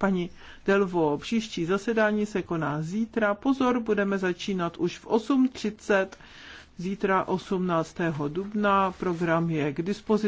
paní Delvo. Příští zasedání se koná zítra. Pozor, budeme začínat už v 8.30. Zítra 18. dubna. Program je k dispozici.